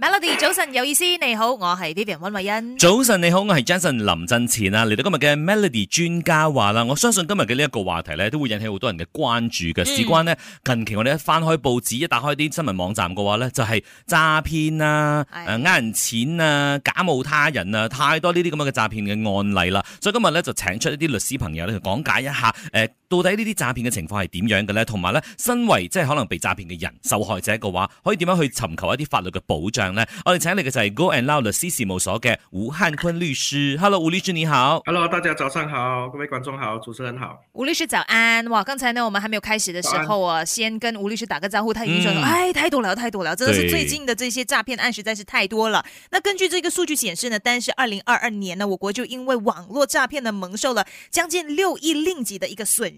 Melody，早晨有意思，你好，我係 Vivian 溫慧欣。早晨你好，我係 Jensen 林振前啊！嚟到今日嘅 Melody 專家話啦，我相信今日嘅呢一個話題咧，都會引起好多人嘅關注嘅，事關咧近期我哋一翻開報紙，一打開啲新聞網站嘅話咧，就係詐騙啊、呃人錢啊，假冒他人啊，太多呢啲咁嘅詐騙嘅案例啦，所以今日咧就請出一啲律師朋友咧講解一下誒。呃到底呢啲詐騙嘅情況係點樣嘅呢？同埋呢，身為即係可能被詐騙嘅人、受害者嘅話，可以點樣去尋求一啲法律嘅保障呢？我哋請嚟嘅就係 Goh & Lau 律師事務所嘅吳漢坤律師。Hello，吳律師你好。Hello，大家早上好，各位觀眾好，主持人好。吳律師早安。哇，剛才呢，我們還沒有開始嘅時候啊，先跟吳律師打個招呼，他已經說，哎，太多了，太多了，真的是最近的這些詐騙案實在是太多了。那根據這個數據顯示呢，單是二零二二年呢，我國就因為網絡詐騙呢，蒙受了將近六億令吉的一個損。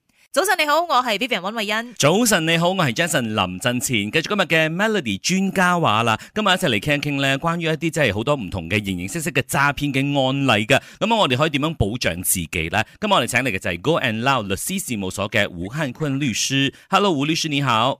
早晨你好，我係 Vivian 溫慧欣。早晨你好，我係 Jason 林振前。繼續今日嘅 Melody 專家話啦，今日一齊嚟傾一傾咧，關於一啲即係好多唔同嘅形形色色嘅詐騙嘅案例噶。咁我哋可以點樣保障自己呢？今日我哋請嚟嘅就係 Goh and Lau 律師事務所嘅吳漢坤律師。Hello，吳律師你好。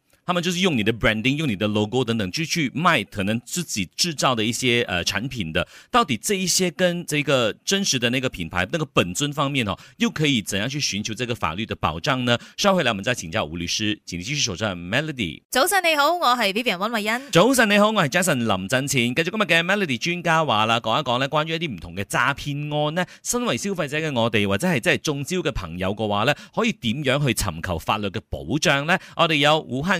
他們就是用你的 branding，用你的 logo 等等，去去賣可能自己製造的一些誒產品的，到底這一些跟這個真實的那個品牌那個本尊方面哦，又可以怎樣去尋求這個法律的保障呢？稍後嚟我們再請教吳律師，請你繼續守在 Melody。早晨你好，我是 Vivian 温慧欣。早晨你好，我是 Jason 林振前。繼續今日嘅 Melody 專家話啦，講一講咧關於一啲唔同嘅詐騙案呢，身為消費者嘅我哋或者係即係中招嘅朋友嘅話咧，可以點樣去尋求法律嘅保障呢？我哋有吳漢。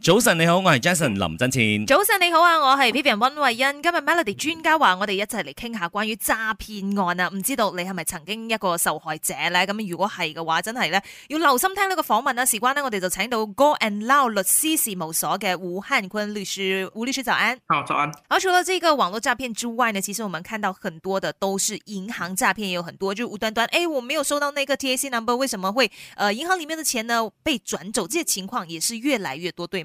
早晨你好，我係 Jason 林振千。早晨你好啊，我係 Vivian 溫慧欣。今日 Melody 專家話我哋一齊嚟傾下關於詐騙案啊，唔知道你係咪曾經一個受害者咧？咁如果係嘅話，真係咧要留心聽呢個訪問啦、啊。事關咧，我哋就請到 Goh and Lau 律師事務所嘅吳漢坤律師，吳律師早安。好早安。好。除了這個網絡詐騙之外呢，其實我們看到很多的都是銀行詐騙，也有很多就無端端，誒、欸，我沒有收到那個 TAC number，為什麼會，誒、呃，銀行裏面嘅錢呢被轉走？這些情況也是越來越多，對。